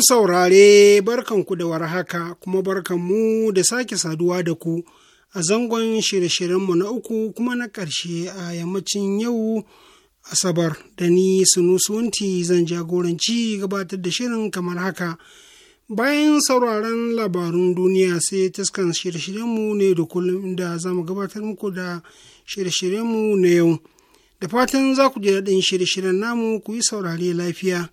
Masu saurare barkanku da warhaka kuma barkanmu da sake saduwa da ku a zangon shirye-shiryenmu na uku kuma na ƙarshe a yammacin yau Asabar da ni Sunusunti zan jagoranci gabatar da shirin kamar haka. Bayan sauraron labarun duniya sai taskan shirye-shiryenmu ne da kullum da za mu gabatar muku da shirye-shiryenmu na yau. Da fatan za ku ji daɗin shirye-shiryen namu ku yi saurare lafiya.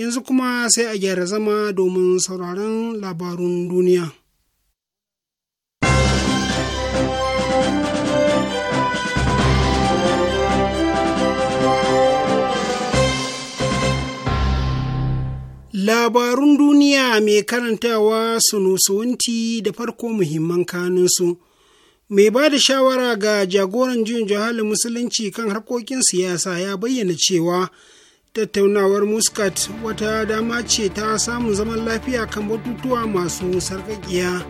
yanzu kuma sai a gyara zama domin sauraron labarun duniya. Labarun duniya mai karantawa su sunusuwanti da farko muhimman kanunsu. Mai ba da shawara ga jagoran juyin juhalin musulunci kan harkokin siyasa ya bayyana cewa tattaunawar muscat wata dama ce ta samun zaman lafiya kan batutuwa masu sarkakiya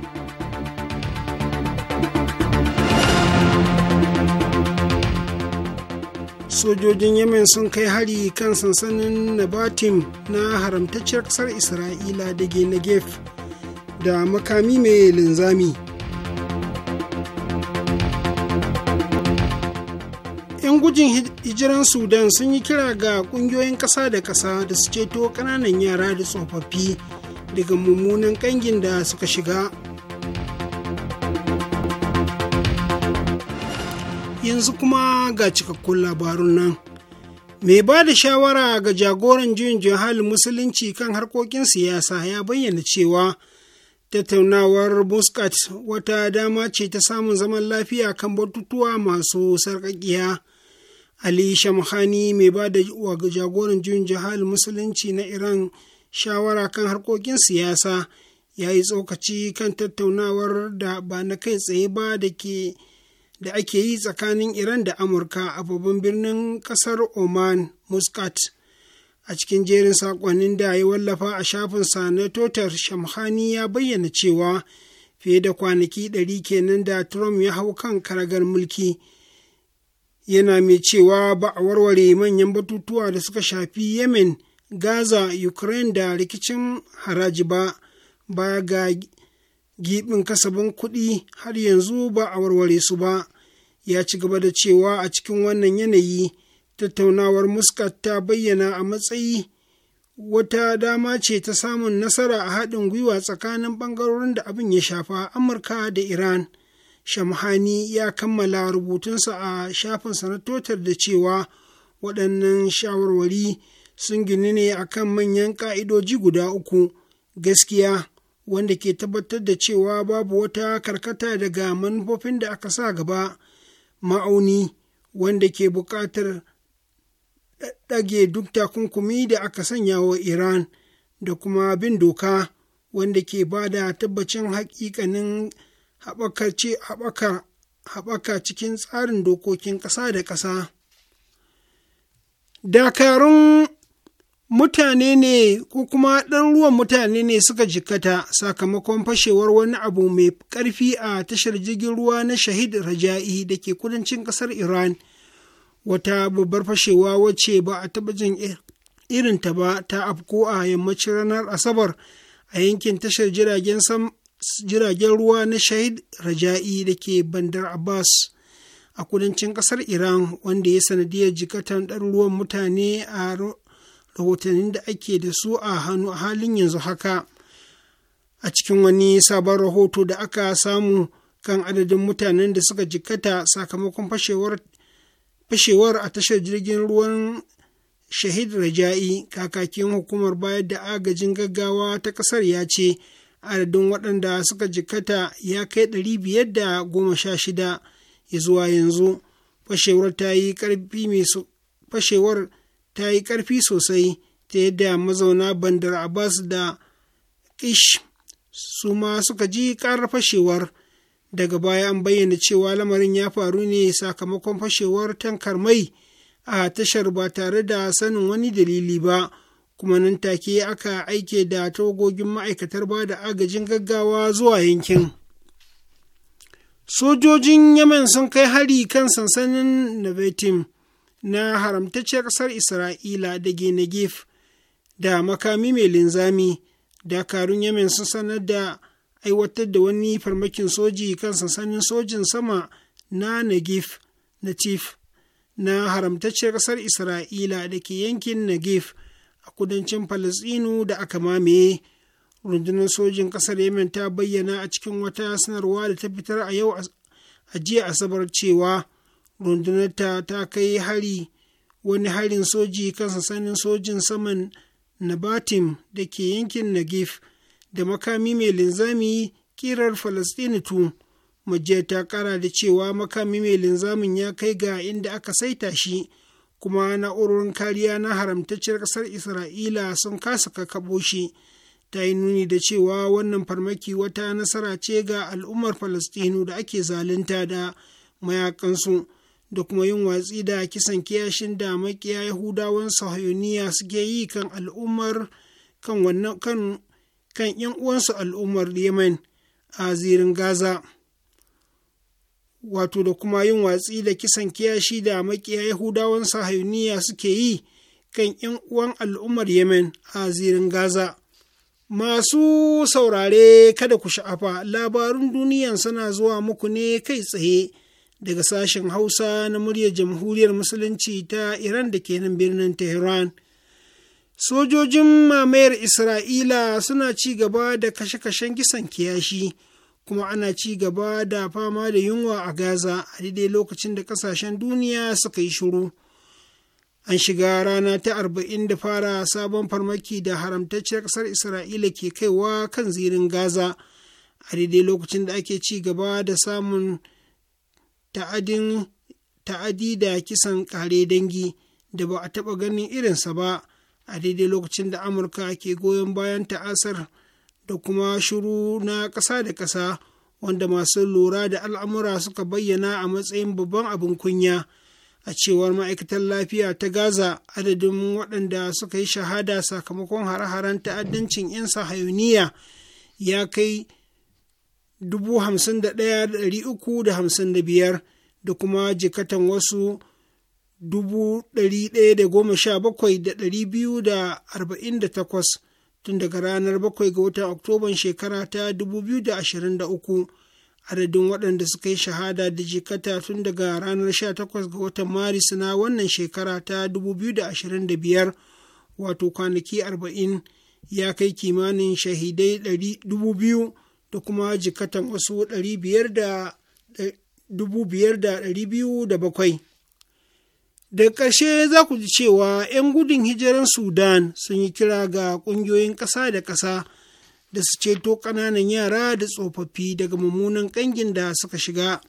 sojojin yemen sun kai hari kan sansanin nabatim na haramtacciyar ƙasar isra'ila da genegef da makami mai linzami gujin hijiran sudan sun yi kira ga kungiyoyin ƙasa da ƙasa da su ceto ƙananan yara da tsofaffi daga mummunan ƙangin da suka shiga yanzu kuma ga cikakkun labarun nan mai ba da shawara ga jagoran juyin halin musulunci kan harkokin siyasa ya bayyana cewa tattaunawar muscat wata dama ce ta samun zaman lafiya kan batutuwa masu sarƙaƙƙiya. ali shamhani mai ba da wa jagoran juyin jihar musulunci na iran shawara kan harkokin siyasa ya yi tsokaci kan tattaunawar da ba na kai tsaye ba da ke da ake yi tsakanin iran da amurka a babban birnin kasar oman muscat a cikin jerin saƙonnin da ya wallafa a shafinsa na totar shamhani ya bayyana cewa fiye da kwanaki ɗari kenan da trump ya hau kan karagar mulki yana mai cewa ba a warware manyan batutuwa da suka shafi yemen gaza ukraine da rikicin haraji ba baya ga giɓin kasabin kuɗi har yanzu ba a warware su ba ya ci gaba da cewa a cikin wannan yanayi tattaunawar muscat ta bayyana a matsayi wata dama ce ta samun nasara a haɗin gwiwa tsakanin ɓangarorin da abin ya shafa amurka da iran shamhani ya kammala rubutunsa a shafin na da cewa waɗannan shawarwari sun gini ne a kan manyan ƙa'idoji guda uku gaskiya wanda ke tabbatar da cewa babu wata karkata daga manufofin da aka sa gaba ma'auni wanda ke buƙatar ɗage duk takunkumi da aka sanya wa Iran da kuma bin doka wanda ke ba da tabbacin haƙiƙanin haɓaka cikin tsarin dokokin ƙasa da ƙasa. Dakarun mutane ne ko kuma ɗanruwan mutane ne suka jikkata sakamakon fashewar wani abu mai ƙarfi a tashar jirgin ruwa na shahid raja'i da ke kudancin ƙasar iran wata babbar fashewa wacce ba a taɓa jin irinta ba ta afko a yammacin ranar asabar a yankin tashar jiragen jiragen ruwa na shahid raja'i da ke bandar abbas a kudancin kasar iran wanda ya sanadiyar jikatan ɗaruruwan mutane a rahotannin da ake da su a hannu a halin yanzu haka a cikin wani sabon rahoto da aka samu kan adadin mutanen da suka jikata sakamakon fashewar fashewar a tashar jirgin ruwan shahid raja'i kakakin hukumar bayar da agajin gaggawa ta kasar ya ce adadin waɗanda suka jikkata ya kai ɗari biyar da goma sha shida ya zuwa yanzu fashewar ta yi ƙarfi sosai ta yadda mazauna bandar abbas da ish su ma suka ji ƙarar fashewar daga baya an bayyana cewa lamarin ya faru ne sakamakon fashewar tankar mai a tashar ba tare da sanin wani dalili ba kuma nan take aka aike da togogin ma'aikatar ba da agajin gaggawa zuwa yankin sojojin yemen sun kai hari kan sansanin navetim na haramtacciyar ƙasar isra'ila da Genegif da makami mai linzami dakarun yemen sun sanar da aiwatar da wani farmakin soji kan sansanin sojin sama na Negif na chief na haramtacciyar ƙasar isra'ila da ke yankin Negif. a kudancin falasɗinu da aka mamaye rundunar sojin kasar yemen ta bayyana a cikin wata sanarwa da ta fitar a yau a jiya asabar cewa rundunar ta ta kai hari wani harin soji kan sansanin sojin saman nabatim da ke yankin nagif da makami mai linzami kirar falasɗini tu majiya ta kara da cewa makami mai linzamin ya kai ga inda aka saita shi kuma na'urorin kariya na haramtacciyar ƙasar isra'ila sun kasa kakabo shi ta yi nuni da cewa wannan farmaki wata nasara ce ga al'ummar falastinu da ake zalunta da mayakansu da kuma yin watsi da kisan kiyashin da makiya yahudawan sahuniya suke yi kan al'ummar kan wannan kan yan uwansu al'ummar yemen a zirin gaza wato da kuma yin watsi da kisan kiyashi da makiya yahudawan sahayuniya suke yi kan 'yan uwan al'ummar yemen a zirin gaza masu saurare kada ku sha'afa labarun duniyan suna zuwa muku ne kai tsaye daga sashen hausa na muryar jamhuriyar musulunci ta iran da ke nan birnin tehran sojojin mamayar isra'ila suna ci gaba da kashe-kashen kisan kiyashi kuma ana ci gaba da fama da yunwa a gaza a daidai lokacin da kasashen duniya suka yi shuru. an shiga rana ta arba'in da fara sabon farmaki da haramtacciyar ƙasar isra'ila ke kaiwa kan zirin gaza a daidai lokacin da ake ci gaba da samun ta'adi da kisan kare dangi da ba a taɓa ganin irinsa ba a daidai lokacin da amurka ke goyon bayan ta'asar da kuma shiru na ƙasa da ƙasa wanda masu lura da al'amura suka bayyana a matsayin babban abin kunya a cewar ma'aikatar lafiya ta gaza adadin waɗanda suka yi shahada sakamakon hare-haren ta'addancin 'yan sahayuniya ya kai 51,355 da kuma jikatan wasu 117,248 tun daga ranar 7 ga watan oktoban shekara ta 2023 adadin waɗanda suka yi shahada da jikata tun daga ranar 18 ga watan maris na wannan shekara ta 2025 wato kwanaki 40 ya kai kimanin shahidai 2,000 da kuma jikatan wasu 500 da 2,207 Da ƙarshe za ku ji cewa 'yan gudun hijiran Sudan sun yi kira ga ƙungiyoyin ƙasa da ƙasa da su ceto ƙananan yara da tsofaffi daga mummunan ƙangin da suka shiga.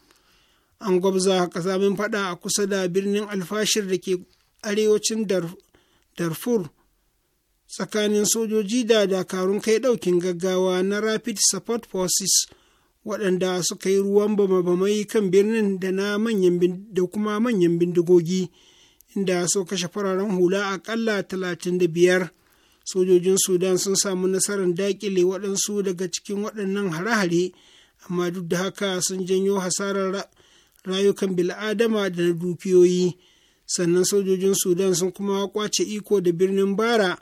An gwabza ƙasamin faɗa a kusa da birnin alfashir da ke arewacin Darfur tsakanin sojoji da dakarun kai ɗaukin gaggawa na Rapid Support Forces. waɗanda suka yi ruwan bama-bamai kan birnin da kuma manyan bindigogi inda sau kashe fararen hula aƙalla talatin da biyar sojojin sudan sun samu nasarar daƙile waɗansu daga cikin waɗannan hare-hare amma duk da haka sun janyo hasarar rayukan bil'adama da na dukiyoyi sannan sojojin sudan sun kuma kwace iko da birnin bara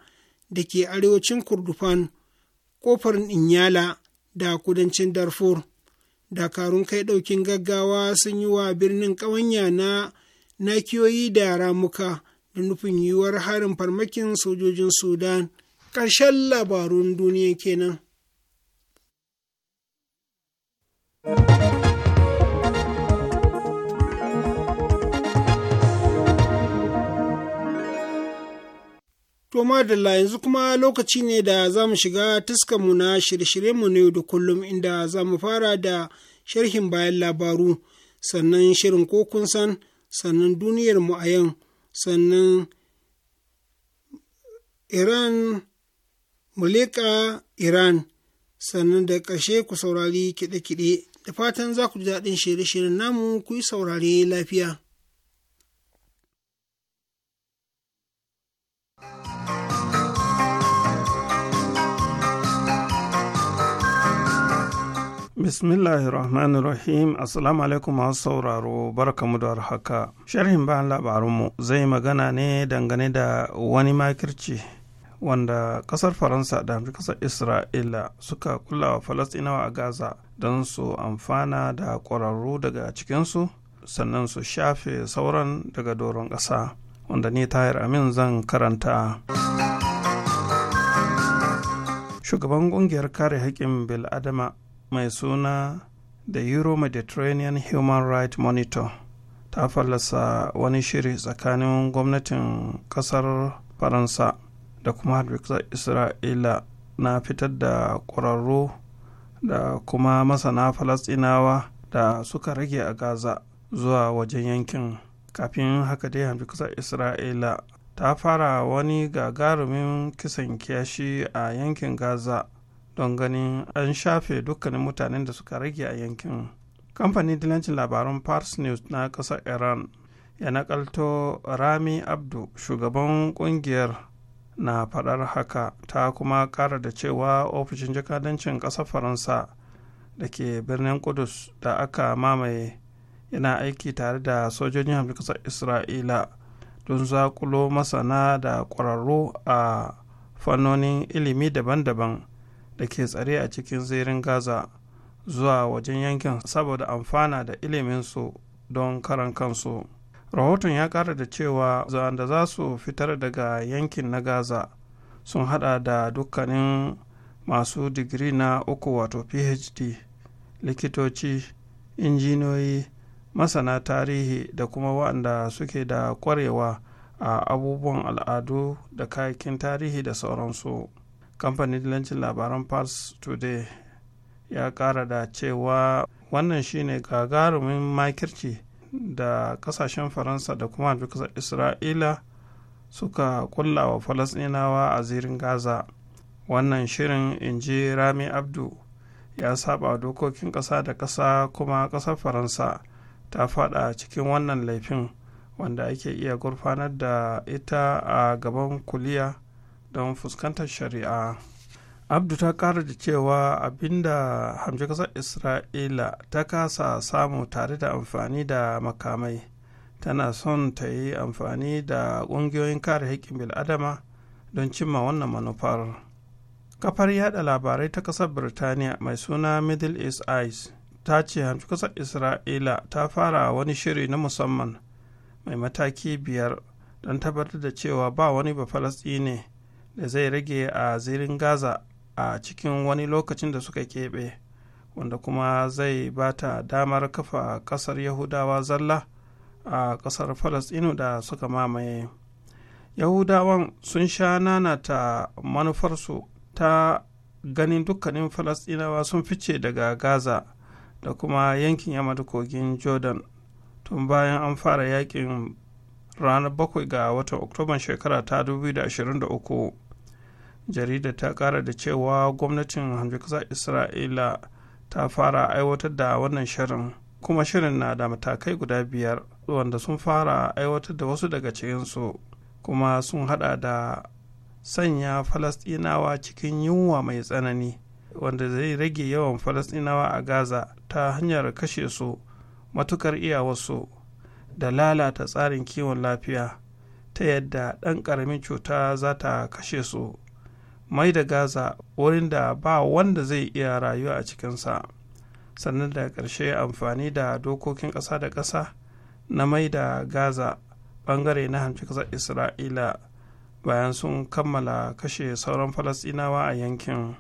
da ke arewacin kurdufan kofar inyala da kudancin darfur dakarun kai ɗaukin gaggawa sun yi wa birnin ƙawanya na nakiyoyi da ramuka da nufin yiwuwar harin farmakin sojojin sudan ƙarshen labarun duniya kenan. To madalla yanzu kuma lokaci ne da za mu shiga mu na shirye-shiryenmu na yau da kullum inda za mu fara da sharhin bayan labaru sannan shirin ko kun san sannan duniyarmu a yau sannan iran muleka iran sannan da ƙarshe ku saurari kiɗe-kiɗe da fatan za ku ji daɗin shirye-shiryen namu ku yi saurare lafiya. Bismillahirrahmanirrahim Assalamu alaikum masu sauraro barkamu da haka. Sharhin bayan labarunmu zai magana ne dangane da wani makirci wanda kasar Faransa da kasar Isra'ila suka kula wa Falastinawa a Gaza don su amfana da ƙwararru daga cikinsu sannan su shafe sauran daga doron ƙasa wanda ni tahir amin zan karanta. shugaban ƙungiyar kare haƙƙin bil'adama mai suna the euro mediterranean human rights monitor ta fallasa wani shiri tsakanin gwamnatin kasar faransa da kuma hadwiksar isra'ila na fitar da ƙwararru da kuma masana falasɗinawa da suka rage a gaza zuwa wajen yankin kafin haka dai hadwiksar isra'ila ta fara wani gagarumin kisan kiyashi a yankin gaza don ganin an shafe dukkanin mutanen da suka rage a yankin kamfanin dilancin labarun pars news na ƙasar iran ya nakalto rami abdu shugaban kungiyar na faɗar haka ta kuma ƙara da cewa ofishin jakadancin ƙasar faransa da ke birnin kudus da aka mamaye yana aiki tare da sojojin hamsin ƙasar isra'ila don zakulo masana da ƙwararru a fannonin ilimi daban-daban da ke tsare a cikin zirin gaza zuwa wajen yankin saboda amfana da iliminsu don karan kansu rahoton ya kara da cewa da za su fitar daga yankin na gaza sun hada da dukkanin masu digiri na uku wato phd likitoci injiniyoyi masana tarihi da kuma waɗanda suke da kwarewa a abubuwan al'adu da kayakin tarihi da sauransu kamfanin dilancin labaran pars today ya kara da cewa wannan shine gagarumin makirci da kasashen faransa da kuma kasar isra'ila suka kulla wa falasinawa a zirin gaza wannan shirin in inji rami abdu ya saba dokokin kasa da kasa kuma ƙasar faransa ta fada cikin wannan laifin wanda ake iya gurfanar da ita a gaban kuliya don fuskantar shari'a abdu ta kara da cewa abinda hamshe kasar isra'ila ta kasa samu tare da amfani da makamai tana son ta yi amfani da ƙungiyoyin kare haƙƙin bil'adama don cimma wannan manufar kafar yada labarai ta ƙasar birtaniya mai suna middle east eyes ta ce hamshe kasar isra'ila ta fara wani shiri na musamman mai mataki biyar don tabbatar da cewa ba wani ba ne da zai rage a zirin gaza a cikin wani lokacin da suka keɓe wanda kuma zai ba ta damar kafa ƙasar yahudawa zalla a ƙasar falasɗinu da suka mamaye yahudawan sun sha nanata manufarsu ta ganin dukkanin falasɗinawa sun fice daga gaza da kuma yankin yamma da kogin jordan tun bayan an fara yakin ranar 7 ga watan oktoban shekara ta 2023 jarida ta kara da cewa gwamnatin hamjikasar isra'ila ta fara aiwatar da wannan shirin kuma shirin na da matakai guda biyar wanda sun fara aiwatar da wasu daga cikinsu kuma sun hada da sanya falastinawa cikin yunwa mai tsanani wanda zai rage yawan falastinawa a gaza ta hanyar kashe su matukar iyawarsu da lalata tsarin kiwon lafiya ta yadda ɗan ƙaramin cuta za ta kashe su mai da gaza wurin da ba wanda zai iya rayuwa a cikinsa sannan da ƙarshe amfani da dokokin ƙasa da ƙasa na mai da gaza ɓangare na hamci ƙasar isra'ila bayan sun kammala kashe sauran falasɗinawa a yankin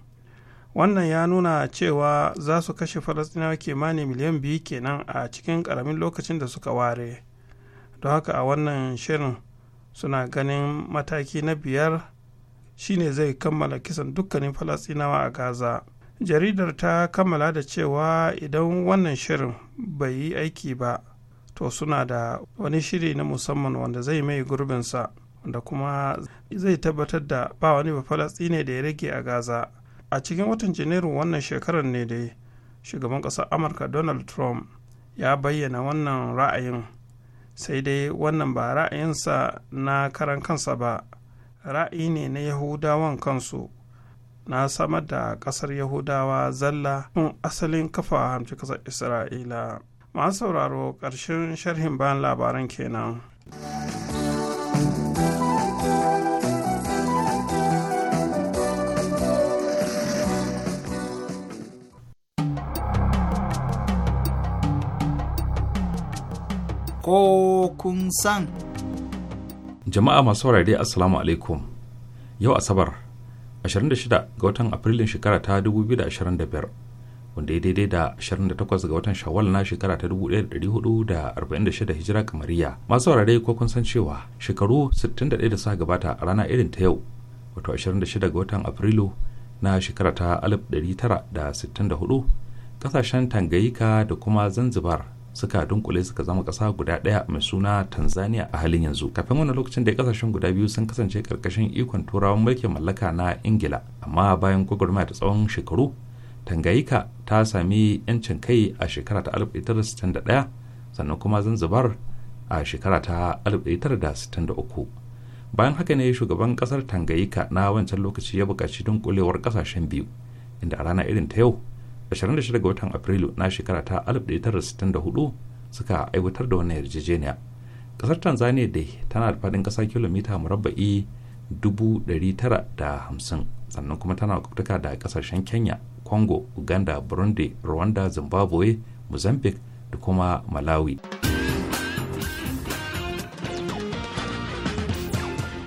wannan ya nuna cewa za su kashe falasɗinawa kimanin miliyan biyu kenan a cikin ƙaramin lokacin da suka ware don haka a wannan shirin suna ganin mataki na biyar shine zai kammala kisan dukkanin falasinawa a gaza jaridar ta kammala da cewa idan wannan shirin bai yi aiki ba to suna da wani shiri na musamman wanda zai mai gurbinsa wanda kuma zai tabbatar da ba wani ba falastine da ya rage a gaza a cikin watan janairu wannan shekarar ne dai shugaban ƙasar amurka donald trump ya bayyana wannan ra'ayin sai dai wannan ba ra'ayinsa na karan kansa ba ra'ayi ne na yahudawan kansu na samar da ƙasar yahudawa zalla tun asalin kafa hamci ƙasar isra'ila masu sauraro ƙarshen sharhin bayan labaran kenan. ko kun san. Jama'a masu saurare Assalamu alaikum. Yau Asabar 26 ga watan Afrilun shekara ta 2025 wanda ya daidai da 28 ga watan Shawwal na shekara ta 1446 Hijira kamariya. Masu saurare ko kun san cewa shekaru 61 da suka gabata a rana irin ta yau wato 26 ga watan Afrilu na shekara ta 1964 kasashen tangayika da kuma Zanzibar suka dunkule suka zama kasa guda ɗaya mai suna tanzania a halin yanzu kafin wani lokacin da ƙasashen guda biyu sun kasance ƙarƙashin ikon turawan mulkin mallaka na ingila amma bayan gwagwarmaya ta tsawon shekaru tangayika ta sami 'yancin kai a shekara ta 1961 sannan kuma zanzibar a shekara ta 1963 bayan haka ne shugaban kasar tangayika na wancan lokaci ya buƙaci dunkulewar kasashen biyu inda a rana irin ta yau 26 ga watan Afrilu na shekara ta 1964 suka aiwatar da wannan yarjejeniya. Kasar Tanzania dai tana da faɗin ƙasa kilomita murabba'i 950 sannan kuma tana kwakwataka da ƙasashen Kenya, Congo, Uganda, Burundi, Rwanda, Zimbabwe, Mozambique da kuma Malawi.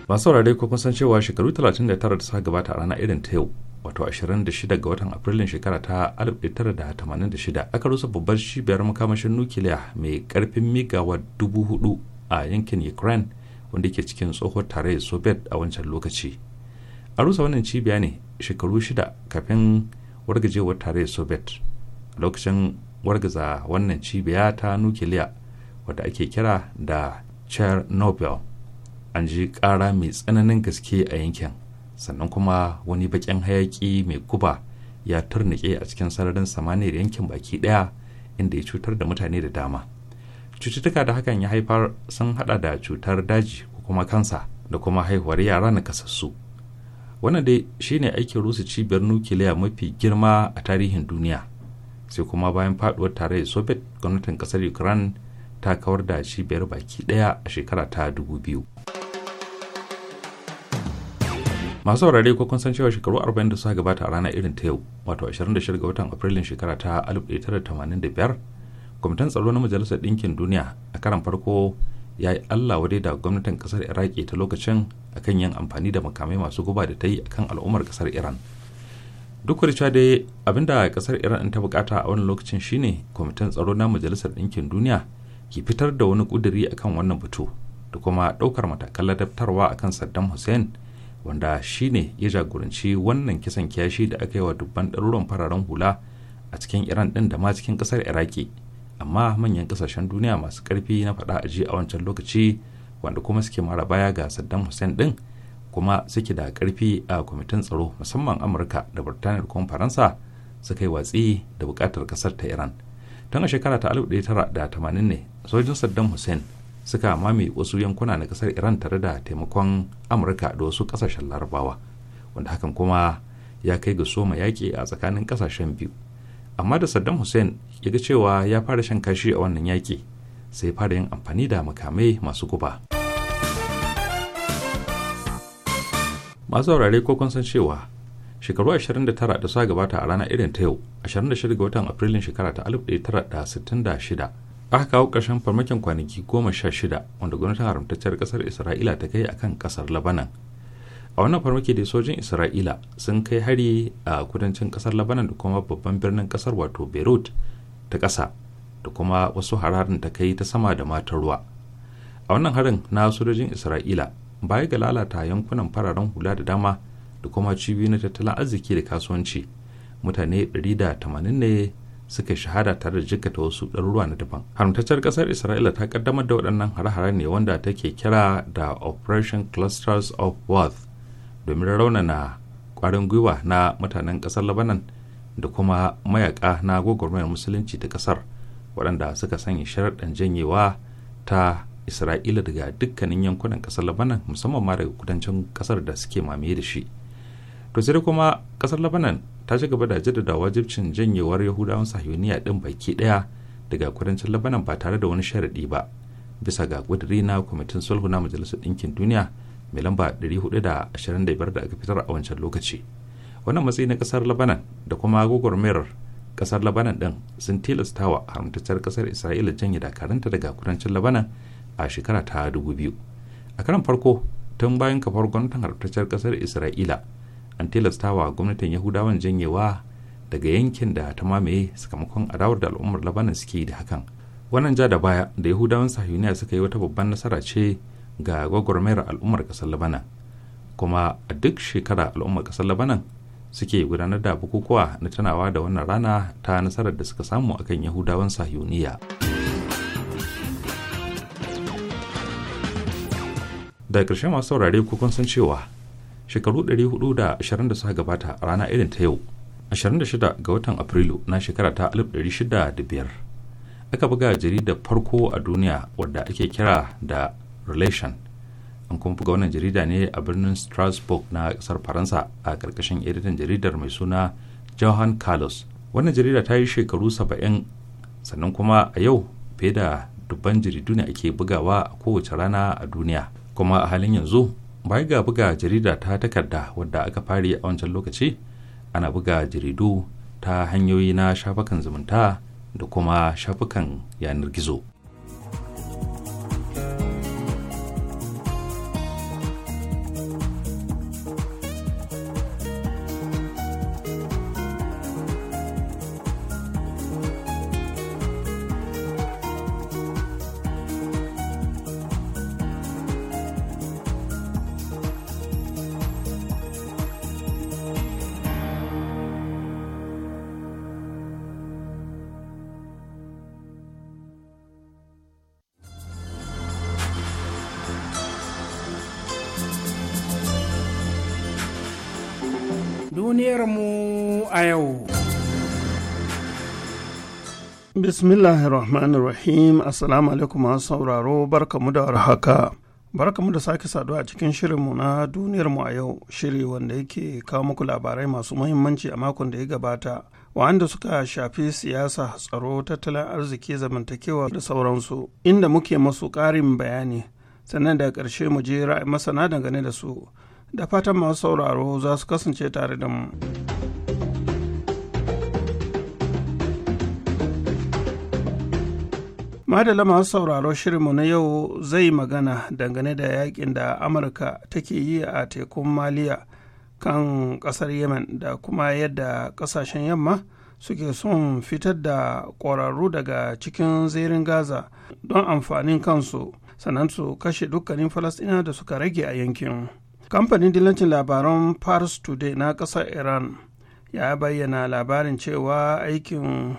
masu saurare kun san cewa shekaru 39 da suka gabata a rana irin ta yau wato 26 ga watan afrilun shekara ta 1986 aka rusa babbar cibiyar makamashin nukiliya mai karfin migawa 4,000 a yankin ukraine wanda ke cikin tsohon tarayyar soviet a wancan lokaci a rusa wannan cibiya ne shekaru shida kafin wargajewar tarayyar soviet a lokacin wargaza wannan cibiya ta nukiliya wadda ake kira da chernobyl an ji kara mai tsananin gaske a yankin sannan kuma wani bakin hayaki mai guba ya turnike a cikin sararin samaniyar yankin baki daya inda ya cutar da mutane da dama cututtuka da hakan ya haifar sun hada da cutar daji ko kuma kansa da kuma haihuwar yara na kasassu wannan dai shine aikin rusa cibiyar nukiliya mafi girma a tarihin duniya sai kuma bayan faduwar tarayyar soviet gwamnatin kasar ukraine ta kawar da cibiyar baki daya a shekara ta 2000 masu saurare ko kun san cewa shekaru 40 da suka gabata a rana irin ta yau wato 26 ga watan afrilun shekara ta 1985 kwamitin tsaro na majalisar ɗinkin duniya a karan farko ya yi allah wadai da gwamnatin kasar iraki ta lokacin akan yin amfani da makamai masu guba da ta yi akan al'ummar kasar iran duk da cewa dai abinda kasar iran ta bukata a wannan lokacin shine kwamitin tsaro na majalisar ɗinkin duniya ki fitar da wani kuduri akan wannan batu da kuma ɗaukar matakan ladabtarwa akan saddam hussein wanda shi ne ya jagoranci wannan kisan kiyashi da aka yi wa dubban ɗaruran fararen hula a cikin iran ɗin da ma cikin ƙasar iraki amma manyan ƙasashen duniya masu ƙarfi na faɗa a a wancan lokaci wanda kuma suke mara baya ga saddam hussein ɗin kuma suke da ƙarfi a kwamitin tsaro musamman amurka da birtaniya kuma faransa suka yi watsi da buƙatar ƙasar ta iran tun a shekara ta 1980 ne sojin saddam hussein suka mame wasu yankuna na kasar iran tare da taimakon amurka da wasu kasashen larabawa wanda hakan kuma ya kai ga soma yaƙi a tsakanin kasashen biyu amma da saddam hussein ya ga cewa ya fara shan kashi a wannan yaƙi sai fara yin amfani da makamai masu guba masu saurare ko kun san cewa shekaru 29 da sa gabata a rana irin ta yau 26 ga watan afrilun shekara ta 1966 aka kawo ƙarshen farmakin kwanaki goma sha shida wanda gwamnatin haramtacciyar ƙasar isra'ila ta kai akan ƙasar labanan a wannan farmaki da sojin isra'ila sun kai hari a kudancin kasar labanan da kuma babban birnin ƙasar wato beirut ta kasa da kuma wasu hararin ta kai ta sama da matar ruwa a wannan harin na sojojin isra'ila baya ga lalata yankunan fararen hula da dama da kuma cibiyoyin na tattalin arziki da kasuwanci mutane 180 ne suka shahada tare da jikata wasu ɗaruruwa na daban haramtaccen ƙasar isra'ila ta kaddamar da waɗannan hare-hare ne wanda take kira da operation clusters of worth domin raunana ƙwarin gwiwa na mutanen ƙasar labanan da kuma mayaka na gwagwarmayar musulunci ta ƙasar waɗanda suka sanya sharaɗin janyewa ta isra'ila daga dukkanin yankunan ƙasar labanan musamman ma daga kudancin ƙasar da suke mamaye da shi to sai kuma kasar labanan ta ci gaba da jaddada wajibcin janyewar yahudawan sahiyoniya din baki daya daga kudancin labanan ba tare da wani sharadi ba bisa ga kudiri na kwamitin sulhu na majalisar ɗinkin duniya mai lamba 425 da aka fitar a wancan lokaci wannan matsayi na kasar labanan da kuma gwagwarmayar kasar labanan din sun tilasta wa haramtacciyar kasar isra'ila janye dakaranta daga kudancin labanan a shekara ta 2000 a karan farko tun bayan kafar gwamnatin haramtacciyar kasar isra'ila an tilastawa gwamnatin yahudawan janyewa daga yankin da ta mamaye sakamakon adawar da al'ummar labanan suke da hakan wannan ja da baya da yahudawan sahiyuniya suka yi wata babban nasara ce ga gwagwarmayar al'ummar kasar labanan kuma a duk shekara al'ummar kasar labanan suke gudanar da bukukuwa na tunawa da wannan rana ta nasarar da suka samu akan yahudawan sahiyuniya da ƙarshen masu saurare kun san cewa shekaru 420 da suka gabata rana irin ta yau 26 ga watan afrilu na shekara ta 1605 aka buga jaridar farko a duniya wadda ake kira da relation an kuma buga wannan jarida ne a birnin strasbourg na kasar faransa a karkashin editan jaridar mai suna johan carlos wannan jarida ta yi shekaru 70 sannan kuma a yau fiye da dubban jaridu ne ake bugawa a kowace rana a duniya kuma a halin yanzu baya ga buga jarida ta takarda wadda aka fari a wancan lokaci ana buga jaridu ta hanyoyi na shafukan zumunta da kuma shafukan yanar gizo Bismillahirrahmanirrahim. Assalamu alaikum masu sauraro barkamu da warhaka. Barkamu da sake saduwa a cikin shirinmu na duniyarmu a yau, shiri wanda yake kawo muku labarai masu muhimmanci a makon da ya gabata, wa'anda suka shafi siyasa, tsaro, tattalin arziki, zamantakewa da sauransu, inda muke masu ƙarin bayani, sannan da ƙarshe mu je ra'ayi masana dangane da su, da fatan masu sauraro za su kasance tare da mu. madala masu sauraro shirinmu na yau zai magana dangane da yakin da amurka take yi a tekun maliya kan kasar yemen da kuma yadda kasashen yamma suke son fitar da ƙwararru daga cikin zirin gaza don amfanin kansu sannan su kashe dukkanin falastina da suka rage a yankin kamfanin dillancin labaran paris today na kasar iran ya bayyana labarin cewa aikin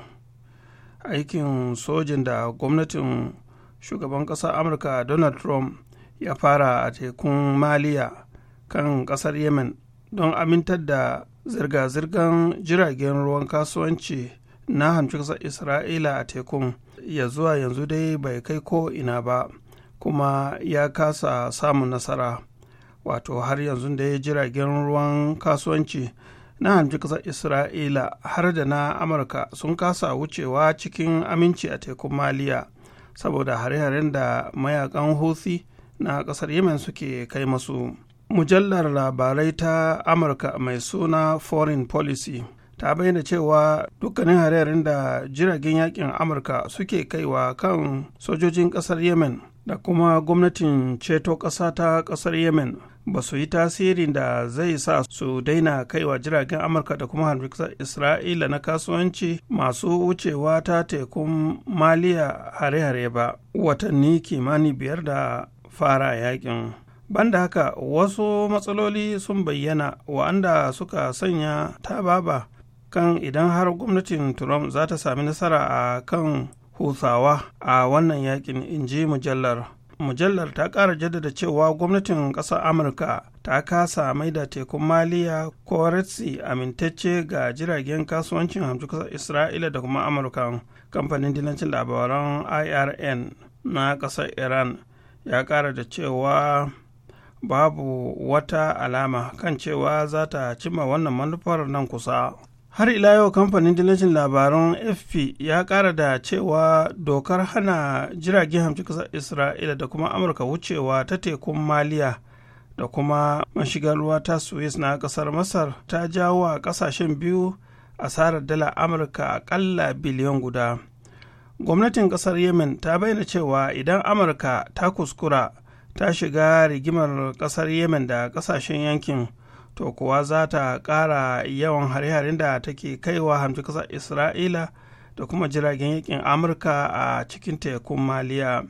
aikin sojin da gwamnatin shugaban ƙasar amurka donald trump ya fara a tekun maliya kan ƙasar yemen don amintar da zirga-zirgar jiragen ruwan kasuwanci na hamci ƙasar isra'ila a tekun ya zuwa yanzu dai bai kai ko ina ba kuma ya kasa samun nasara wato har yanzu da ya jiragen ruwan kasuwanci na hanji ƙasar isra'ila har da na amurka sun kasa wucewa cikin aminci a tekun maliya saboda hare-haren da mayakan houthi na ƙasar yemen suke kai masu mujallar labarai ta amurka mai suna foreign policy ta bayyana cewa dukkanin hare-haren da jiragen yakin amurka suke kaiwa kan sojojin ƙasar yemen da kuma gwamnatin ceto ƙasa ta ƙasar yemen ba su yi tasirin da zai sa su daina kaiwa jiragen amurka da kuma harbiksar isra'ila na kasuwanci masu wucewa ta tekun maliya hare-hare ba watanni kimani biyar da fara yakin banda haka wasu matsaloli sun bayyana wa'anda suka sanya ta baba kan idan har gwamnatin trump za ta sami nasara a kan husawa a wannan yakin in ji mujallar mujallar ta ƙara jaddada cewa gwamnatin ƙasar amurka ta kasa mai da tekun maliya ko amintacce ga jiragen kasuwancin hamsin ƙasar isra'ila da kuma amurka kamfanin dinancin labaran irn na ƙasar iran ya ƙara da cewa babu wata alama kan cewa za ta cimma wannan manufar nan kusa har ila yau kamfanin dillacin labaran fp ya kara da cewa dokar hana jiragen hamci kasar isra'ila da kuma amurka wucewa ta tekun maliya da kuma mashigar ruwa ta suez na kasar masar ta jawo a kasashen biyu asarar dala amurka akalla biliyan guda gwamnatin kasar yemen ta bayyana cewa idan amurka ta kuskura ta shiga rigimar kasar yemen da kasashen yankin to kuwa za ta ƙara yawan hare-haren da take kaiwa hamji ƙasar isra'ila da kuma jiragen yakin amurka a cikin tekun maliya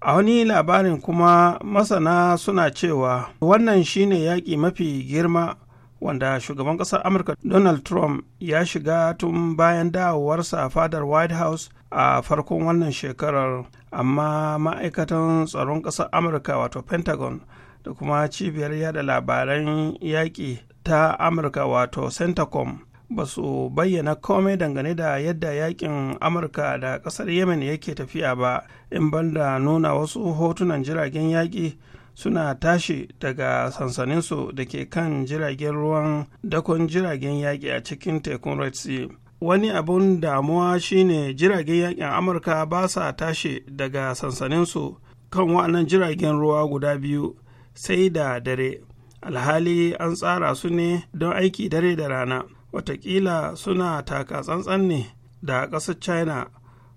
a wani labarin kuma masana suna cewa wannan shine yaƙi mafi girma wanda shugaban ƙasar amurka donald trump ya shiga tun bayan dawowarsa fadar white house a farkon wannan shekarar amma ma'aikatan tsaron ƙasar amurka wato pentagon da kuma cibiyar yada labaran yaƙi ta amurka wato centacom ba su bayyana komai dangane da yadda yakin amurka da ƙasar yemen yake tafiya ba in banda nuna wasu hotunan jiragen yaƙi suna tashi daga sansaninsu da ke kan jiragen ruwan dakon jiragen yaƙi a cikin tekun red sea wani abun damuwa shine jiragen yakin amurka ba sa tashi daga sansaninsu kan wa'annan jiragen ruwa guda biyu sai da dare alhali an tsara su ne don aiki dare da rana watakila suna taka tsantsan ne da ƙasar china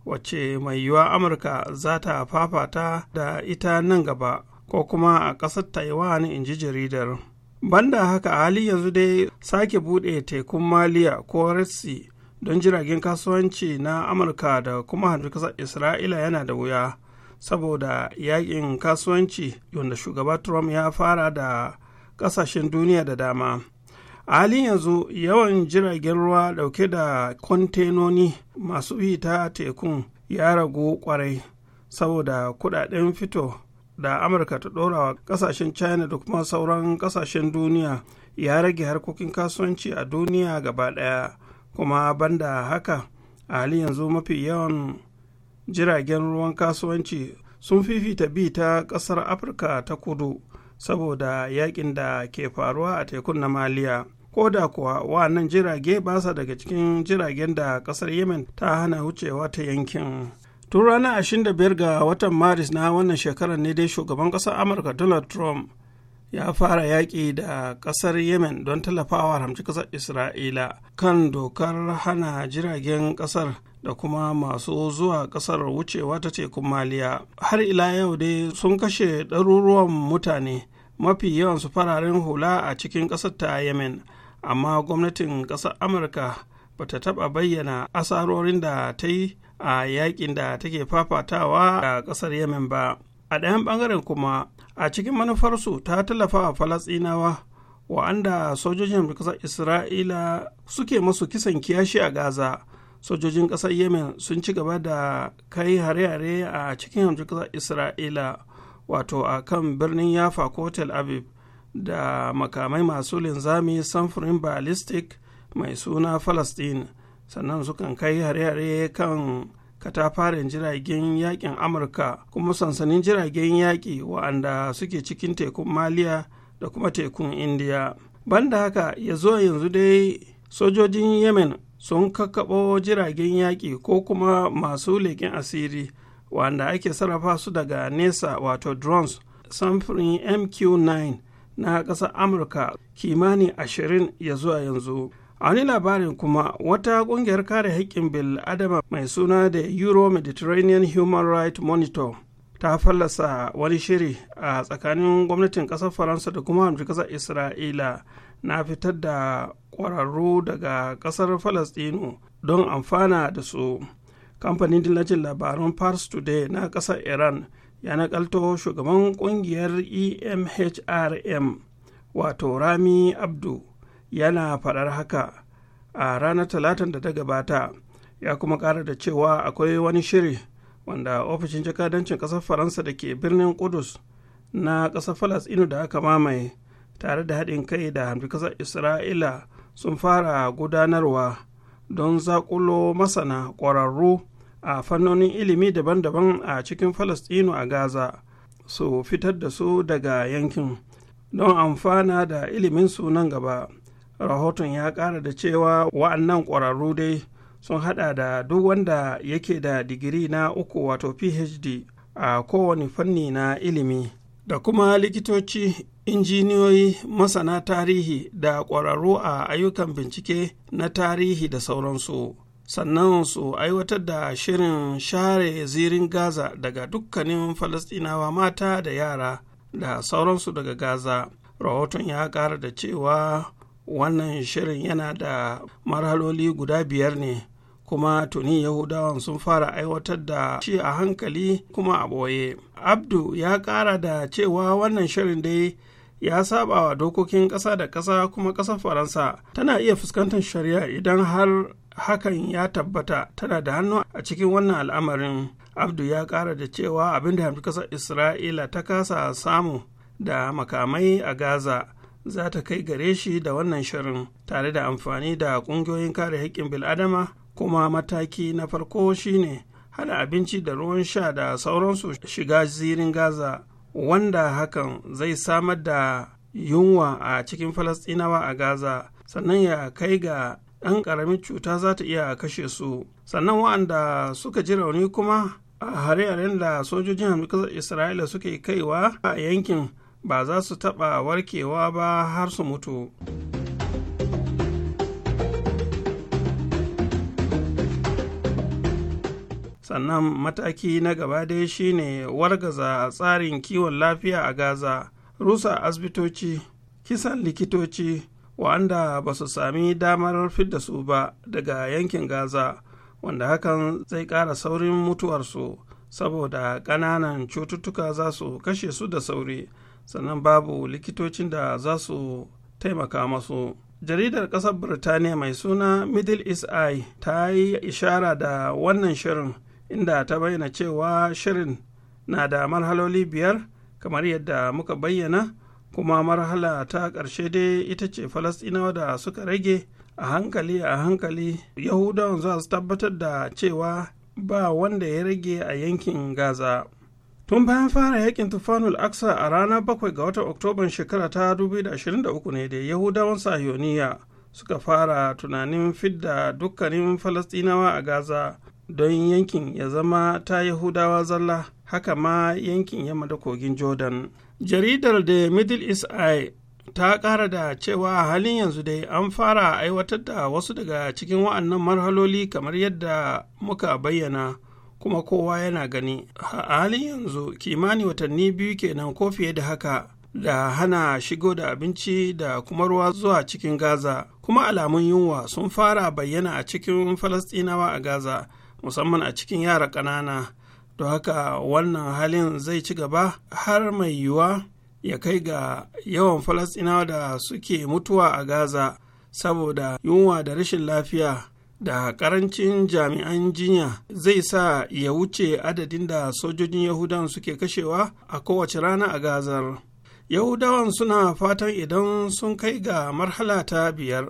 wacce mai yiwuwa amurka za ta fafata da ita nan gaba ko kuma a ƙasar taiwan in ji jaridar banda haka a hali yanzu dai sake buɗe tekun maliya ko red don jiragen kasuwanci na amurka da kuma ƙasar isra'ila yana da wuya saboda yakin kasuwanci wanda shugaba trump ya fara da kasashen duniya da dama a halin yanzu yawan jiragen ruwa dauke da kwantenoni masu bi ta tekun ya ragu kwarai saboda kudaden fito da amurka ta dora wa kasashen china da kuma sauran kasashen duniya ya rage harkokin kasuwanci a duniya gaba daya kuma banda haka a halin yanzu mafi yawan jiragen ruwan kasuwanci sun fifita bi ta kasar afirka ta kudu saboda yakin da ke faruwa a tekun na maliya ko da kuwa wannan jirage ba sa daga cikin jiragen da kasar yemen ta hana wucewa ta yankin tun ranar 25 ga watan maris na wannan shekarar ne dai shugaban kasar amurka donald trump ya fara yaƙi da ƙasar yemen don tallafawa hamci ƙasar isra'ila kan dokar hana jiragen ƙasar da kuma masu zuwa ƙasar wucewa ta tekun maliya har ila yau dai sun kashe ɗaruruwan mutane mafi yawan su fararen hula a cikin ƙasar ta yemen amma gwamnatin ƙasar amurka ba ta taɓa bayyana asarorin da ta yi a yaƙin da take fafatawa a ƙasar yemen ba a ɗayan ɓangaren kuma a cikin manufarsu ta tallafa wa falasɗinawa wa'anda sojojin ƙasar isra'ila suke masu kisan kiyashi a gaza sojojin ƙasar yemen sun ci gaba da kai hare-hare a cikin hamshin ƙasar isra'ila wato a kan birnin yafa ko tel aviv da makamai masu linzami samfurin ballistic mai suna falastin sannan sukan kai hare-hare kan katafaren jiragen yakin amurka kuma sansanin jiragen yaƙi wa'anda suke cikin tekun maliya da kuma tekun indiya banda haka ya zo yanzu dai sojojin yemen sun kakkaɓo jiragen yaƙi ko kuma masu leƙen asiri wanda ake sarrafa su daga nesa wato drones samfurin mq9 na ƙasar amurka kimanin ashirin ya zuwa yanzu a wani labarin kuma wata kungiyar kare haƙƙin bil adama mai suna da euro mediterranean human rights monitor ta fallasa wani shiri a tsakanin gwamnatin ƙasar faransa da kuma hamdu ƙasar isra'ila na fitar da ƙwararru daga ƙasar falastinu don amfana da su kamfanin dillacin labarun pars today na ƙasar iran ya nakalto shugaban ƙungiyar emhrm wato rami abdu yana faɗar haka a ranar talatin da ta gabata ya kuma ƙara da cewa akwai wani shiri wanda ofishin jakadancin ƙasar faransa da ke birnin kudus na ƙasar falasɗinu da aka mamaye tare da haɗin kai da ƙasar isra'ila sun fara gudanarwa don zaƙulo masana ƙwararru a fannonin ilimi daban-daban a cikin falasɗinu a gaza su fitar da su daga yankin don amfana da ilimin su nan gaba rahoton ya ƙara da cewa wa'annan ƙwararru dai sun hada da duk wanda yake da digiri na uku wato phd a kowane fanni na ilimi da kuma likitoci injiniyoyi masana tarihi da ƙwararru a ayyukan bincike na tarihi da sauransu sannan su aiwatar da shirin share zirin gaza daga dukkanin falastinawa mata da yara da sauransu daga gaza rahoton ya ƙara da cewa wannan shirin yana da marhaloli guda biyar ne kuma tuni Yahudawa sun fara aiwatar da shi a hankali kuma a ɓoye abdu ya ƙara da cewa wannan shirin dai ya saba wa dokokin ƙasa da ƙasa kuma ƙasar faransa tana iya fuskantar shari'a idan har hakan ya tabbata tana da hannu a cikin wannan al'amarin abdu ya ƙara da cewa abin da ƙasar isra'ila ta kasa samu da makamai a gaza za ta kai gare shi da wannan shirin tare da amfani da ƙungiyoyin kare haƙƙin bil'adama kuma mataki na farko shine hana abinci da ruwan sha da sauransu shiga zirin gaza wanda hakan zai samar da yunwa a cikin falastinawa a gaza sannan ya kai ga ɗan ƙaramin cuta za ta iya kashe su sannan wa'anda suka ji rauni kuma a hare-haren da sojojin hamdukasar isra'ila suke kaiwa a yankin ba za su taɓa warkewa ba har su mutu sannan mataki na gaba dai shine wargaza a tsarin kiwon lafiya a gaza rusa asibitoci kisan likitoci wanda ba su sami damar fidda su ba daga yankin gaza wanda hakan zai ƙara saurin mutuwarsu saboda ƙananan cututtuka za su kashe su da sauri sannan babu likitocin da za su taimaka masu jaridar ƙasar birtaniya mai suna middle east eye ta yi ishara da wannan shirin inda ta bayyana cewa shirin na da marhaloli biyar kamar yadda muka bayyana kuma marhala ta ƙarshe dai ita ce falastinawa da suka rage a hankali a hankali yahudawan za su tabbatar da cewa ba wanda ya rage a yankin gaza tun bayan fara yakin tufanul aksa a ranar 7 ga watan oktoban shekara ta 2023 ne da yahudawan sahiyoniya suka fara tunanin fidda dukkanin falastinawa a gaza don yankin ya zama ta yahudawa zalla haka ma yankin yamma da kogin jordan jaridar da middle east eye ta kara da cewa a halin yanzu dai an fara aiwatar da wasu daga cikin wa'annan marhaloli kamar yadda muka bayyana kuma kowa yana gani a halin yanzu kimani watanni biyu kenan ko fiye da haka da hana shigo da abinci da kuma ruwa zuwa cikin gaza kuma alamun yunwa sun fara bayyana a cikin falastinawa a gaza musamman a cikin yara ƙanana don haka wannan halin zai ci gaba har mai yiwuwa ya kai ga yawan falastinawa da suke mutuwa a gaza saboda yunwa da rashin lafiya da karancin jami'an jinya zai sa ya wuce adadin da sojojin yahudan suke kashewa a kowace rana a gazar yahudawan suna fatan idan sun kai ga marhala ta biyar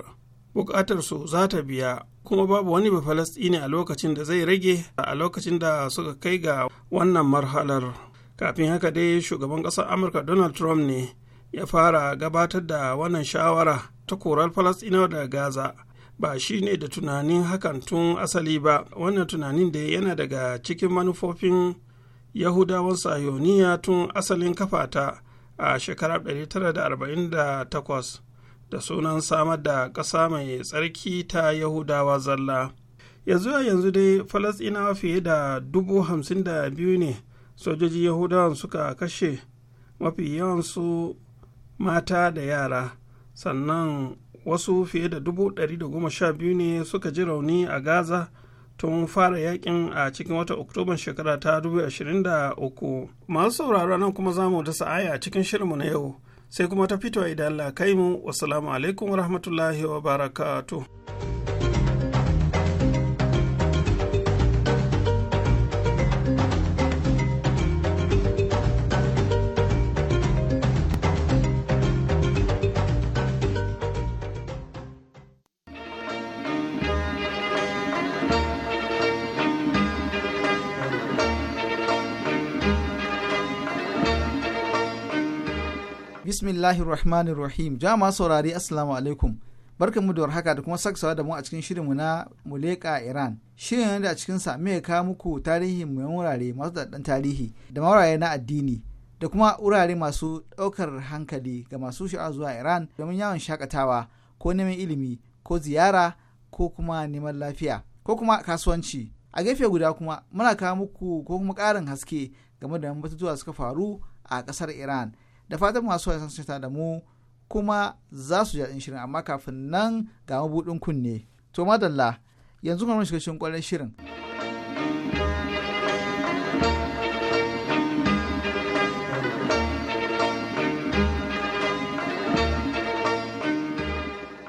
bukatarsu za ta biya kuma babu wani ba ne a lokacin da zai rage a lokacin da suka kai ga wannan marhalar kafin haka dai shugaban ƙasar amurka donald trump ne ya fara gabatar da wannan shawara ta korar falastinawa daga gaza ba shi ne da tunanin hakan tun asali ba wannan tunanin da yana daga cikin manufofin yahudawan sayoniya tun asalin kafata a shekarar 1948 da sunan samar da ƙasa mai tsarki ta yahudawa zalla yanzu a yanzu dai falasɗinawa fiye da dubu hamsin da biyu ne sojoji yahudawan suka kashe mafi yawan su mata da yara sannan wasu fiye da dubu goma ne suka ji rauni a gaza tun fara yakin a cikin wata oktoban shekara ta 2023 masu sauraro nan kuma za mu dasa aya a cikin shirinmu na yau sai kuma ta fito idan la kai mu wasu alaikum wa rahmatullahi wa barakatuh Bismillahirrahmanirrahim. Jama saurari Assalamu alaikum. Barkan mu da warhaka da kuma saksawa da mu a cikin shirinmu na Muleka Iran. Shirin da a cikin sa me kawo muku tarihin mu wurare masu daɗan tarihi da maurare na addini da kuma wurare masu ɗaukar hankali ga masu sha'awar zuwa Iran domin yawon shakatawa ko neman ilimi ko ziyara ko kuma neman lafiya ko kuma kasuwanci. A gefe guda kuma muna kawo muku ko kuma ƙarin haske game da batutuwa suka faru a kasar Iran. da fatan masu wasan sun da mu kuma za su jaɗin shirin amma kafin nan ga mabuɗin kunne to madalla yanzu kuma shiga cikin ƙwarar shirin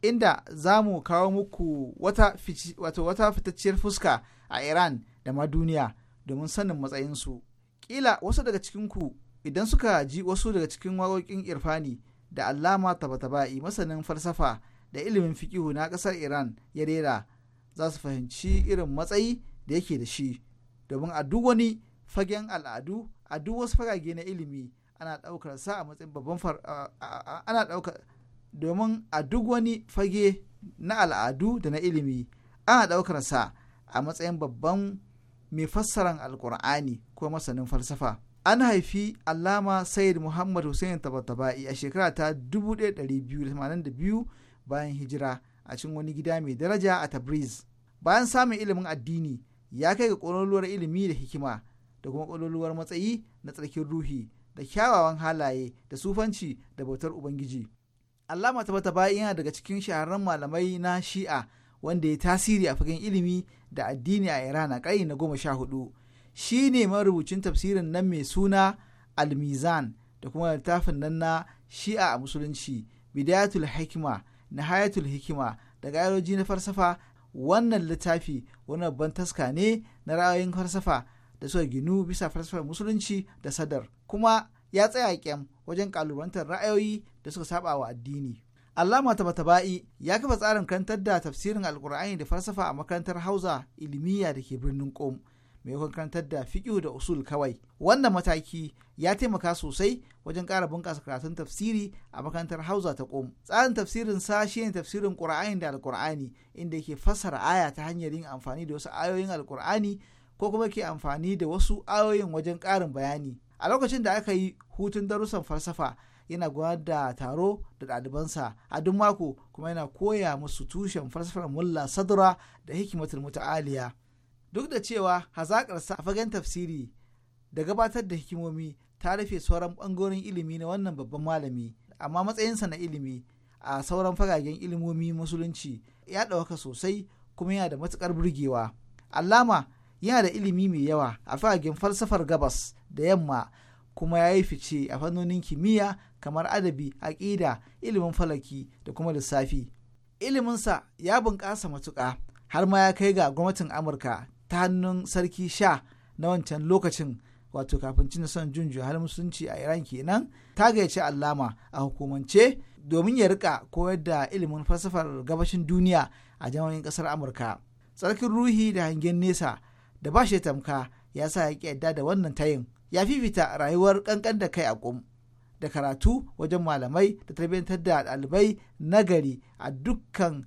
inda za mu kawo muku wata, wata fitacciyar fuska a iran da ma duniya domin sanin matsayinsu kila wasu daga cikinku idan suka ji wasu daga cikin waƙoƙin irfani da allama tabatabai masanin falsafa da ilimin fikihu na ƙasar iran ya rera za su fahimci irin matsayi da yake da shi domin a duk wani fagen al'adu a duk wasu fagage na ilimi ana ɗaukar sa a matsayin babban ana ɗaukar domin a duk wani fage na al'adu da na ilimi ana ɗaukar sa a matsayin babban mai fassaran alkur'ani ko masanin falsafa an haifi allama sayyid muhammad hussein tabatabai a shekara ta 1282 bayan hijira a cikin wani gida mai daraja a tabriz bayan samun ilimin addini ya kai ga ƙololuwar ilimi da hikima da kuma ƙololuwar matsayi na tsarkin ruhi da kyawawan halaye da sufanci da bautar ubangiji allama tabatabai yana daga cikin shahararren malamai na shi'a wanda ya tasiri a fagen ilimi da addini a iran a kai na goma sha hudu shi ne marubucin tafsirin nan mai suna almizan da kuma littafin nan na shi'a a musulunci bidayatul hikima na Hayatul hikima da ƙayaroji na farsafa wannan littafi wani babban taska ne na ra'ayoyin farsafa da suka ginu bisa farsafar musulunci da sadar kuma ya tsaya kyam wajen kalubantar ra'ayoyi da suka saba wa addini Allama Tabatabai ya kafa tsarin karantar da tafsirin Alkur'ani da falsafa a makarantar Hausa Ilimiyya da ke birnin Qom maimakon karantar da fiƙihu da usul kawai wannan mataki ya taimaka sosai wajen ƙara bunƙasa karatun tafsiri a makarantar hausa ta ƙom tsarin tafsirin sa shi ne tafsirin ƙura'ani da alƙur'ani inda yake fassara aya ta hanyar yin amfani da wasu ayoyin alƙur'ani ko kuma ke amfani da wasu ayoyin wajen ƙarin bayani a lokacin da aka yi hutun darussan falsafa yana gudanar da taro da ɗalibansa a duk mako kuma yana koya musu tushen falsafar mulla sadura, da hikimatul muta'aliya duk da cewa hazaƙarsa a fagen tafsiri da gabatar da hikimomi ta rufe sauran bangoren ilimi na wannan babban malami amma matsayinsa na ilimi a sauran fagagen ilimomi musulunci ya ɗauka sosai kuma yana da matukar burgewa allama yana da ilimi mai yawa a fagagen falsafar gabas da yamma kuma ya yi fice a fannonin kimiyya kamar adabi aƙida ilimin falaki da kuma lissafi iliminsa ya bunƙasa matuƙa har ma ya kai ga gwamnatin amurka ta hannun sarki sha na wancan lokacin wato kafin cin son jun har musulunci a iran kenan ta gayyace allama a hukumance domin ya rika koyar da ilimin falsafar gabashin duniya a jami'in kasar amurka tsarkin ruhi da hangen nesa da ba shi tamka ya sa ya yadda da wannan tayin ya fifita rayuwar kankan da kai a kum da karatu wajen malamai da tarbiyyantar da ɗalibai nagari a dukkan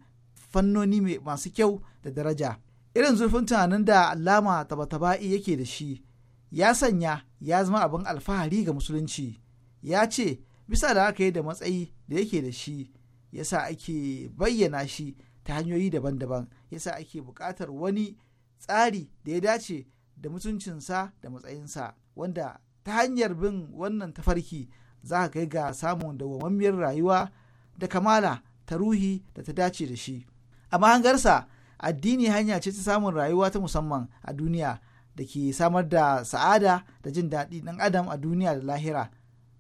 fannoni masu kyau da daraja irin zurfin tunanin da alama tabataba'i yake da shi ya sanya ya zama abin alfahari ga musulunci ya ce bisa da aka yi da matsayi da yake da shi yasa ake bayyana shi ta hanyoyi daban-daban yasa ake buƙatar wani tsari da ya dace da mutuncinsa da matsayinsa wanda ta hanyar bin wannan tafarki za ka kai ga samun dawamammiyar rayuwa da kamala ta ruhi da ta dace da shi a mahangarsa addini hanya ce ta samun rayuwa ta musamman a duniya da ke samar da sa'ada da jin daɗi ɗan adam a duniya da lahira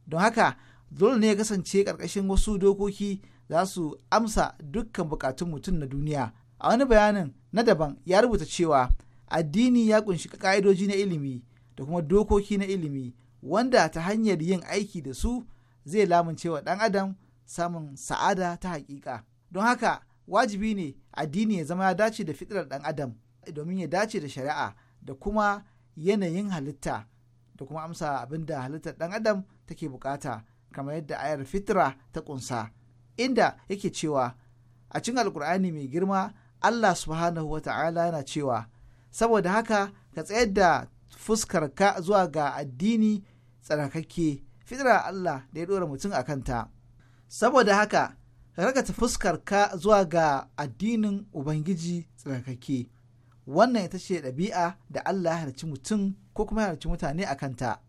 don haka dole ne ya kasance ƙarƙashin wasu dokoki za su amsa dukkan buƙatun mutum na duniya a wani bayanin na daban ya rubuta cewa addini ya ƙunshi ƙa'idoji na ilimi da kuma dokoki na ilimi wanda ta hanyar yin aiki da su zai lamuncewa ɗan adam samun sa'ada ta haƙiƙa don haka wajibi ne addini ya zama ya dace da fitilar ɗan adam domin ya dace da shari'a da kuma yanayin halitta da kuma amsa abin da halittar ɗan adam take bukata kamar yadda ayar fitra ta kunsa inda yake cewa a cikin alkur'ani mai girma allah subhanahu wa ta'ala yana cewa saboda haka ka tsayar da fuskar ka zuwa ga addini tsarkake fitrar allah da ya ɗora mutum a kanta saboda haka ka fuskar ka zuwa ga addinin ubangiji tsarkake wannan ita ce ɗabi'a da allah ya halarci mutum ko kuma ya halarci mutane a kanta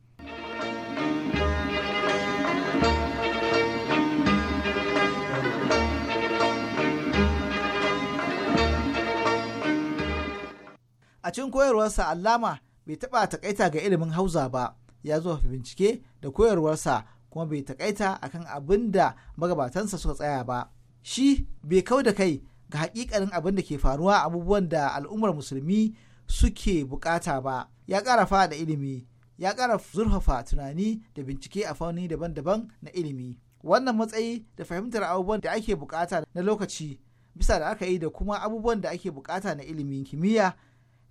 a cikin koyarwarsa allama bai taɓa takaita ga ilimin hauza ba ya zuwa bincike da koyarwarsa kuma bai takaita akan abin da magabatansa suka tsaya ba shi bai kau da kai ga hakikanin abin da ke faruwa abubuwan da al'ummar musulmi suke bukata ba ya kara fa da ilimi ya kara zurfafa tunani da bincike a fanni daban-daban na ilimi wannan matsayi da fahimtar abubuwan da ake bukata na lokaci bisa da aka yi da kuma abubuwan da ake bukata na ilimin kimiyya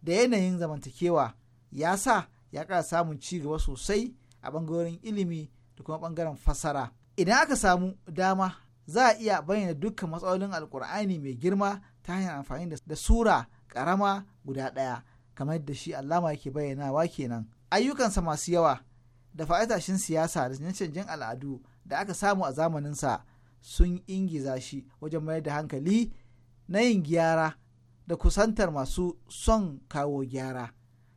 da yanayin zamantakewa ya sa ya kara samun ci gaba sosai a bangarorin ilimi da kuma bangaren fasara idan aka samu dama za a iya bayyana dukkan matsalolin alkur'ani mai girma ta hanyar amfani da sura karama guda ɗaya kamar yadda shi allama yake bayyanawa kenan ayyukansa masu yawa da fa'itashin siyasa da canjin canjen al'adu da aka samu a zamaninsa sun ingiza shi wajen mayar da hankali na yin gyara da kusantar masu son kawo gyara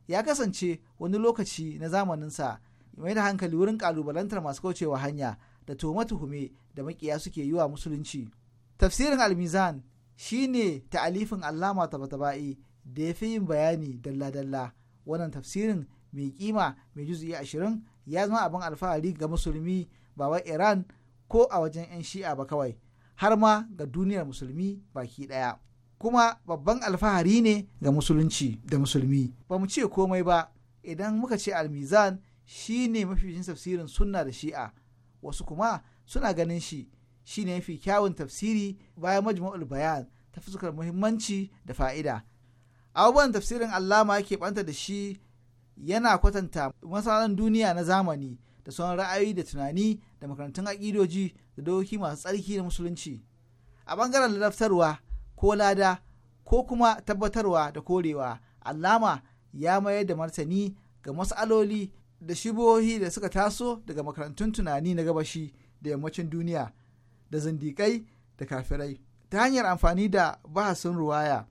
ya kasance wani lokaci na zamaninsa mai da hankali wurin kalubalantar masu kaucewa hanya da tuhume-tuhume da makiya suke yi wa musulunci. Tafsirin almizan shine ta'alifin allama tabataba'i da ya fi yin bayani dalla-dalla wannan tafsirin mai kima mai juzu'i ashirin ya zama abin alfahari ga musulmi ba wai iran ko a wajen 'yan shi'a ba kawai har ma ga duniyar musulmi baki ɗaya kuma babban alfahari ne ga musulunci da musulmi ba mu ce komai ba idan muka ce almizan shi ne mafificin tafsirin sunna da shi'a wasu kuma suna ganin shi shi ne mafi kyawun tafsiri bayan majmu'ul bayan ta fuskar muhimmanci da fa'ida abubuwan tafsirin allama ke banta da shi yana kwatanta masalan duniya na zamani da sauran ra'ayi da tunani da makarantun aƙidoji da dokoki masu tsarki na musulunci a ɓangaren laftarwa ko lada ko kuma tabbatarwa da korewa allama ya mayar da martani ga matsaloli da shibohi da suka taso daga makarantun tunani na gabashi da yammacin duniya da zindikai da kafirai ta hanyar amfani da bahasin ruwaya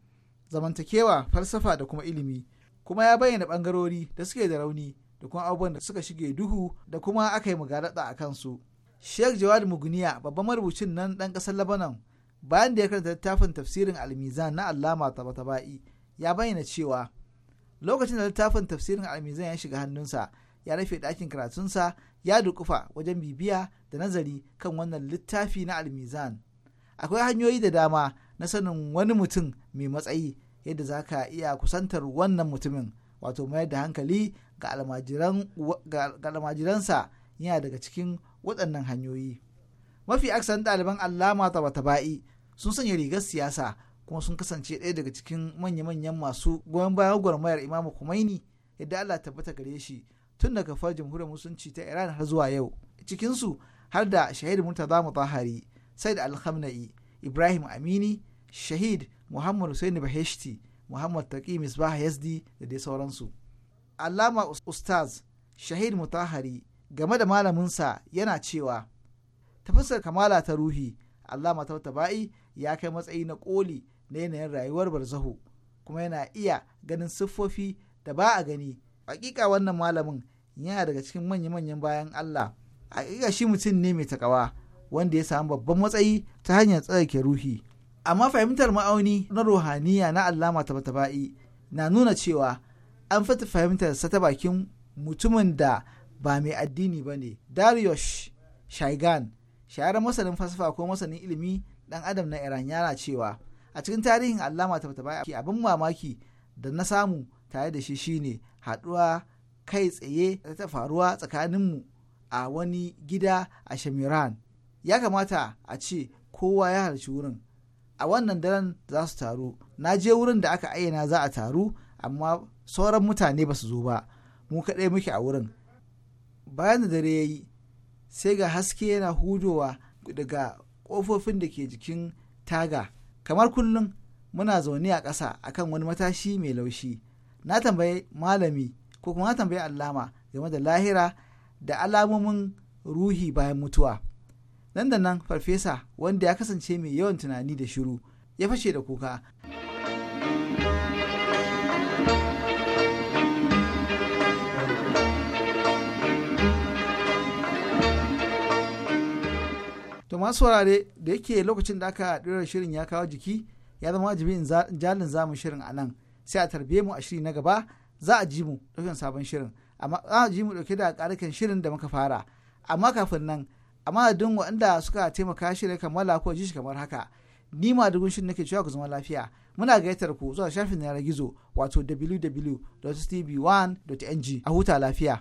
zamantakewa falsafa da kuma ilimi kuma ya bayyana bangarori da suke da rauni da kuma abubuwan da suka shige duhu da kuma aka yi mugarada a kansu sheikh jawad muguniya babban marubucin nan dan kasar labanan bayan da ya karanta littafin tafsirin almizan na allama tabatabai ya bayyana cewa lokacin da littafin tafsirin almizan ya shiga hannunsa ya rufe ɗakin karatunsa ya dukufa wajen bibiya da nazari kan wannan littafi na almizan akwai hanyoyi da dama na sanin wani mutum mai matsayi yadda za ka iya kusantar wannan mutumin wato mayar da hankali ga almajiransa yana daga cikin waɗannan hanyoyi mafi aksan ɗaliban allama ba'i sun sanya rigar siyasa kuma sun kasance ɗaya daga cikin manya-manyan masu goyon bayan gwarmayar imamu kumaini yadda allah tabbata gare shi tun daga far jamhuriyar musulunci ta iran har zuwa yau cikinsu har da shahid murtaza mutahari said alhamna'i ibrahim amini shahid muhammad hussein baheshti muhammad taqi misbah yazdi da dai sauransu allama ustaz shahid mutahari game da malaminsa yana cewa tafasar kamala ta ruhi allama tautaba'i ya kai matsayi na koli na yanayin rayuwar barzahu kuma yana iya ganin siffofi da ba a gani hakika wannan malamin yana daga cikin manya-manyan bayan Allah hakika shi mutum ne mai takawa wanda ya samu babban matsayi ta hanyar tsarki ruhi amma fahimtar ma'auni na ruhaniya na allama tabatabai na nuna cewa an fata fahimtar sa ta bakin mutumin da ba mai addini ba ne darius shaigan shahararren masanin fasafa ko masanin ilimi dan adam na iran yana cewa a cikin tarihin allama tabatabai abin mamaki da na samu tare da shi shine haɗuwa kai tsaye da ta faruwa tsakaninmu a wani gida a shamiran ya kamata a ce kowa ya halarci wurin a wannan daren za su taru na je wurin da aka ayyana za a taru amma sauran mutane ba su zo ba mu kaɗai muke a wurin bayan da dare ya yi sai ga haske yana hudowa daga ƙofofin da ke jikin taga kamar kullum muna zaune a ƙasa akan wani matashi mai laushi na tambayi malami ko kuma na tambayi allama game da lahira da alamomin ruhi bayan mutuwa nan da nan farfesa wanda ya kasance mai yawan tunani da shiru ya fashe da kuka to masu saurare da yake lokacin da aka ɗora shirin ya kawo jiki ya zama wajibi jalin zamu shirin a nan sai a tarbe mu a shiri na gaba za a ji mu ɗaukin sabon shirin amma za a ji mu ɗauke da ƙarikan shirin da muka fara amma kafin nan amma dun waɗanda suka taimaka shirin kammala ko ji shi kamar haka ni ma dugun shirin nake cewa ku zama lafiya muna gayyatar ku zuwa shafin yanar gizo wato www.tv1.ng a huta lafiya.